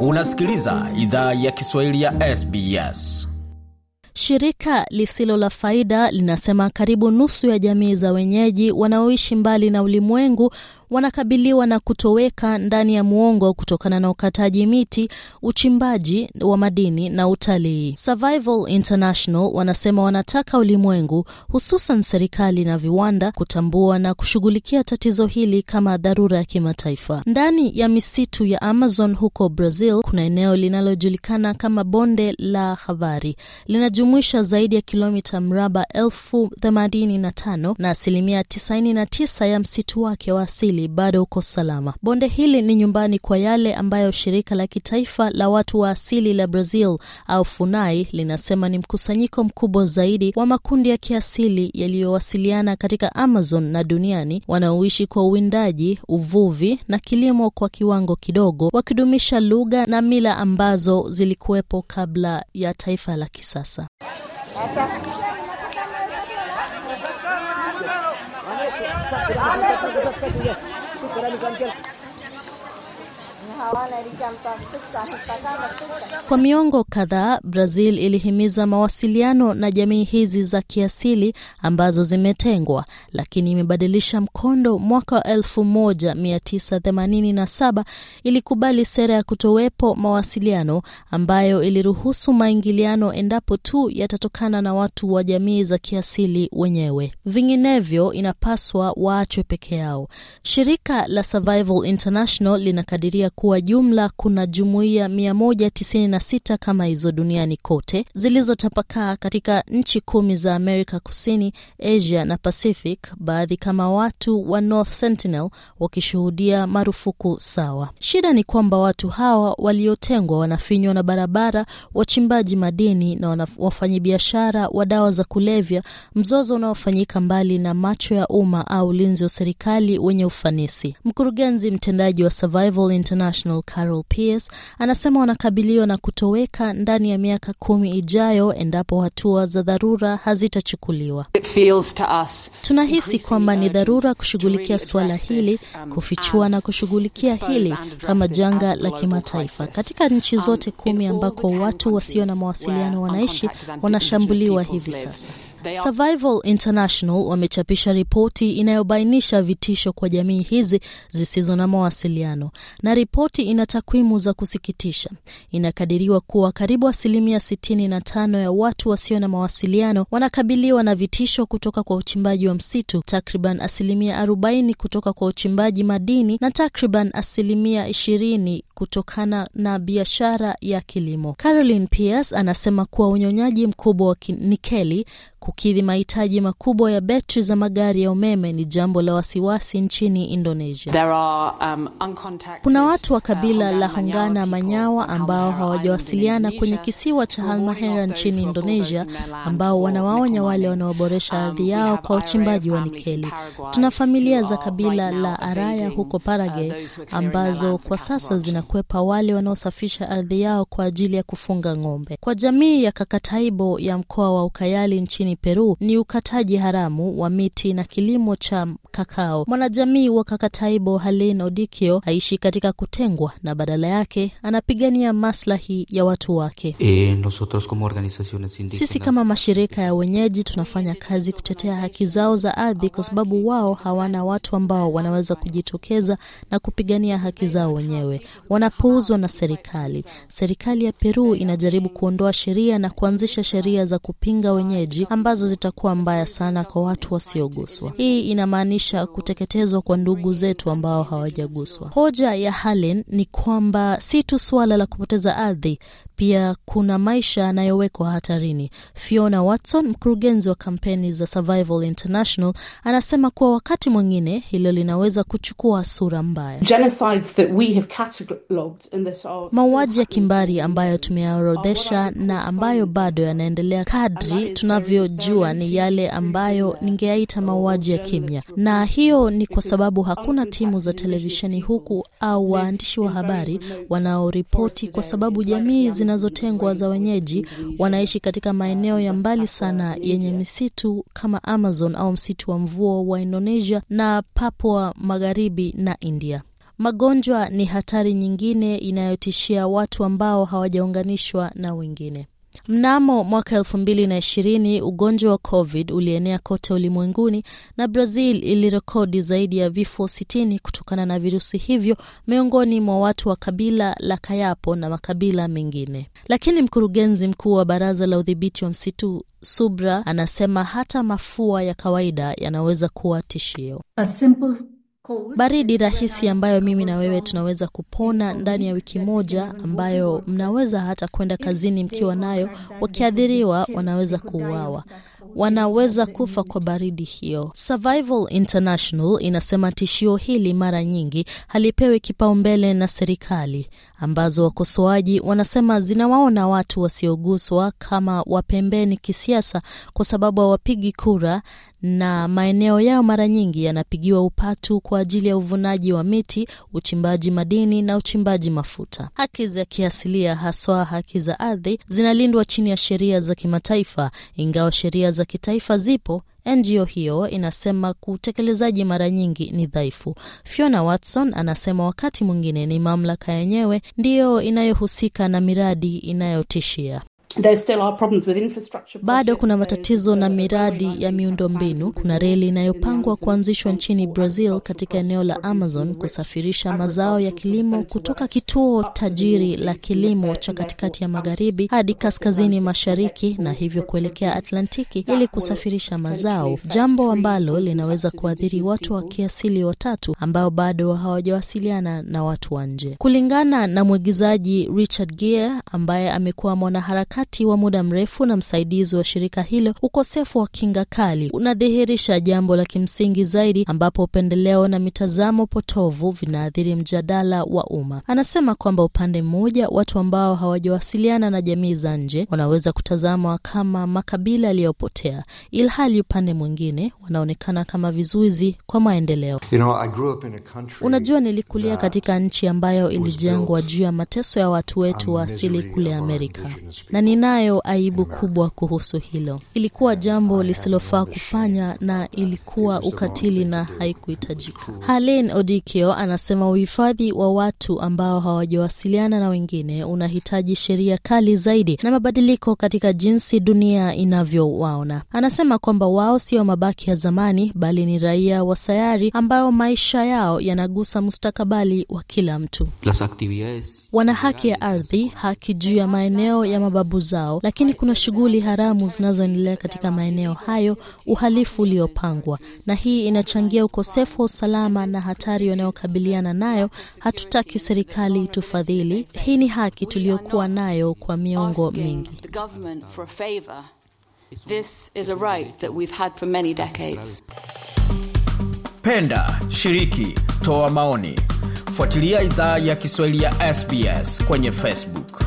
Unasikiliza idhaa ya Kiswahili ya SBS. Shirika lisilo la faida linasema karibu nusu ya jamii za wenyeji wanaoishi mbali na ulimwengu wanakabiliwa na kutoweka ndani ya muongo kutokana na ukataji miti, uchimbaji wa madini na utalii. Survival International wanasema wanataka ulimwengu, hususan serikali na viwanda, kutambua na kushughulikia tatizo hili kama dharura ya kimataifa. Ndani ya misitu ya Amazon huko Brazil kuna eneo linalojulikana kama bonde la habari, linajumuisha zaidi ya kilomita mraba elfu themanini na tano na asilimia 99 ya msitu wake wa asili hili bado uko salama. Bonde hili ni nyumbani kwa yale ambayo shirika la kitaifa la watu wa asili la Brazil au FUNAI linasema ni mkusanyiko mkubwa zaidi wa makundi ya kiasili yaliyowasiliana katika Amazon na duniani, wanaoishi kwa uwindaji, uvuvi na kilimo kwa kiwango kidogo, wakidumisha lugha na mila ambazo zilikuwepo kabla ya taifa la kisasa. Thank you. Kwa miongo kadhaa, Brazil ilihimiza mawasiliano na jamii hizi za kiasili ambazo zimetengwa, lakini imebadilisha mkondo. Mwaka 1987 ilikubali sera ya kutowepo mawasiliano ambayo iliruhusu maingiliano endapo tu yatatokana na watu wa jamii za kiasili wenyewe, vinginevyo inapaswa waachwe peke yao. Shirika la Survival International linakadiria kuwa kuwa jumla kuna jumuiya 196 kama hizo duniani kote zilizotapakaa katika nchi kumi za Amerika Kusini, Asia na Pacific, baadhi kama watu wa North Sentinel wakishuhudia marufuku sawa. Shida ni kwamba watu hawa waliotengwa wanafinywa na barabara, wachimbaji madini na wafanyabiashara wa dawa za kulevya, mzozo unaofanyika mbali na macho ya umma au ulinzi wa serikali wenye ufanisi. Mkurugenzi mtendaji wa Survival International International Carol Pierce anasema wanakabiliwa na kutoweka ndani ya miaka kumi ijayo endapo hatua za dharura hazitachukuliwa. Tunahisi kwamba ni dharura kushughulikia suala hili, um, kufichua na kushughulikia hili kama janga la kimataifa. Katika nchi um, zote kumi ambako watu wasio na mawasiliano wanaishi, wanashambuliwa hivi sasa. Survival International wamechapisha ripoti inayobainisha vitisho kwa jamii hizi zisizo na mawasiliano, na ripoti ina takwimu za kusikitisha. Inakadiriwa kuwa karibu asilimia 65 ya watu wasio na mawasiliano wanakabiliwa na vitisho kutoka kwa uchimbaji wa msitu, takriban asilimia 40 kutoka kwa uchimbaji madini na takriban asilimia 20 kutokana na biashara ya kilimo. Caroline Pierce anasema kuwa unyonyaji mkubwa wa nikeli Kukidhi mahitaji makubwa ya betri za magari ya umeme ni jambo la wasiwasi nchini Indonesia. There are, um, kuna uh, watu wa kabila uh, la hungana Manyawa ambao hawajawasiliana kwenye kisiwa cha Halmahera nchini Indonesia, ambao wanawaonya wale wanaoboresha um, ardhi yao kwa uchimbaji wa nikeli. Tuna familia za kabila la Araya huko uh, Parage ambazo kwa sasa zinakwepa wale wanaosafisha ardhi yao kwa ajili ya kufunga ng'ombe. Kwa jamii ya Kakataibo ya mkoa wa Ukayali nchini nchini Peru ni ukataji haramu wa miti na kilimo cha kakao. Mwanajamii wa Kakataibo Halin Odikio aishi katika kutengwa na badala yake anapigania maslahi ya watu wake. E, nosotros como organizaciones indígenas, sisi kama mashirika ya wenyeji tunafanya kazi kutetea haki zao za ardhi, kwa sababu wao hawana watu ambao wanaweza kujitokeza na kupigania haki zao wenyewe. Wanapuuzwa na serikali. Serikali ya Peru inajaribu kuondoa sheria na kuanzisha sheria za kupinga wenyeji ambazo zitakuwa mbaya sana kwa watu wasioguswa. Hii inamaanisha kuteketezwa kwa ndugu zetu ambao hawajaguswa. Hoja ya Halen ni kwamba si tu suala la kupoteza ardhi, pia kuna maisha yanayowekwa hatarini. Fiona Watson, mkurugenzi wa kampeni za Survival International, anasema kuwa wakati mwingine hilo linaweza kuchukua sura mbaya. Mauaji ya kimbari ambayo tumeyaorodhesha na ambayo bado yanaendelea kadri tunavyojua ni yale ambayo ningeyaita mauaji ya kimya, na hiyo ni kwa sababu hakuna timu za televisheni huku au waandishi wa habari wanaoripoti, kwa sababu jamii zinazotengwa za wenyeji wanaishi katika maeneo ya mbali sana yenye misitu kama Amazon au msitu wa mvua wa Indonesia na Papua Magharibi na India. Magonjwa ni hatari nyingine inayotishia watu ambao hawajaunganishwa na wengine. Mnamo mwaka elfu mbili na ishirini ugonjwa wa COVID ulienea kote ulimwenguni na Brazil ilirekodi zaidi ya vifo sitini kutokana na virusi hivyo miongoni mwa watu wa kabila la Kayapo na makabila mengine. Lakini mkurugenzi mkuu wa Baraza la Udhibiti wa Msitu Subra anasema hata mafua ya kawaida yanaweza kuwa tishio. A simple baridi rahisi ambayo mimi na wewe tunaweza kupona ndani ya wiki moja, ambayo mnaweza hata kwenda kazini mkiwa nayo. Wakiathiriwa wanaweza kuuawa, wanaweza kufa kwa baridi hiyo. Survival International inasema tishio hili mara nyingi halipewi kipaumbele na serikali ambazo wakosoaji wanasema zinawaona watu wasioguswa kama wapembeni kisiasa kwa sababu hawapigi kura na maeneo yao mara nyingi yanapigiwa upatu kwa ajili ya uvunaji wa miti, uchimbaji madini na uchimbaji mafuta. Haki za kiasilia, haswa haki za ardhi, zinalindwa chini ya sheria za kimataifa, ingawa sheria za kitaifa zipo. NGO hiyo inasema utekelezaji mara nyingi ni dhaifu. Fiona Watson anasema wakati mwingine ni mamlaka yenyewe ndiyo inayohusika na miradi inayotishia. Bado kuna matatizo na miradi ya miundo mbinu Kuna reli inayopangwa kuanzishwa nchini Brazil katika eneo la Amazon kusafirisha mazao ya kilimo kutoka kituo tajiri la kilimo cha katikati ya magharibi hadi kaskazini mashariki na hivyo kuelekea Atlantiki ili kusafirisha mazao, jambo ambalo linaweza kuathiri watu wa kiasili watatu ambao bado hawajawasiliana na watu wa nje, kulingana na mwigizaji Richard gear ambaye amekuwa mwanaharakati mkakati wa muda mrefu na msaidizi wa shirika hilo, ukosefu wa kinga kali unadhihirisha jambo la kimsingi zaidi, ambapo upendeleo na mitazamo potovu vinaathiri mjadala wa umma. Anasema kwamba upande mmoja, watu ambao hawajawasiliana na jamii za nje wanaweza kutazamwa kama makabila yaliyopotea, ilhali upande mwingine wanaonekana kama vizuizi kwa maendeleo. You know, unajua nilikulia katika nchi ambayo ilijengwa juu ya mateso ya watu wetu wa asili kule Amerika na ninayo aibu kubwa kuhusu hilo. Ilikuwa jambo lisilofaa kufanya na ilikuwa ukatili na haikuhitajika. Halen Odikio anasema uhifadhi wa watu ambao hawajawasiliana na wengine unahitaji sheria kali zaidi na mabadiliko katika jinsi dunia inavyowaona. Anasema kwamba wao sio mabaki ya zamani, bali ni raia wa sayari ambayo maisha yao yanagusa mustakabali wa kila mtu. Wana haki ya ardhi, haki juu ya maeneo ya mababu nguvu zao, lakini kuna shughuli haramu zinazoendelea katika maeneo hayo, uhalifu uliopangwa, na hii inachangia ukosefu wa usalama na hatari wanayokabiliana nayo. Hatutaki serikali itufadhili, hii ni haki tuliyokuwa nayo kwa miongo mingi. Penda, shiriki, toa maoni. Fuatilia idhaa ya Kiswahili ya SBS kwenye Facebook.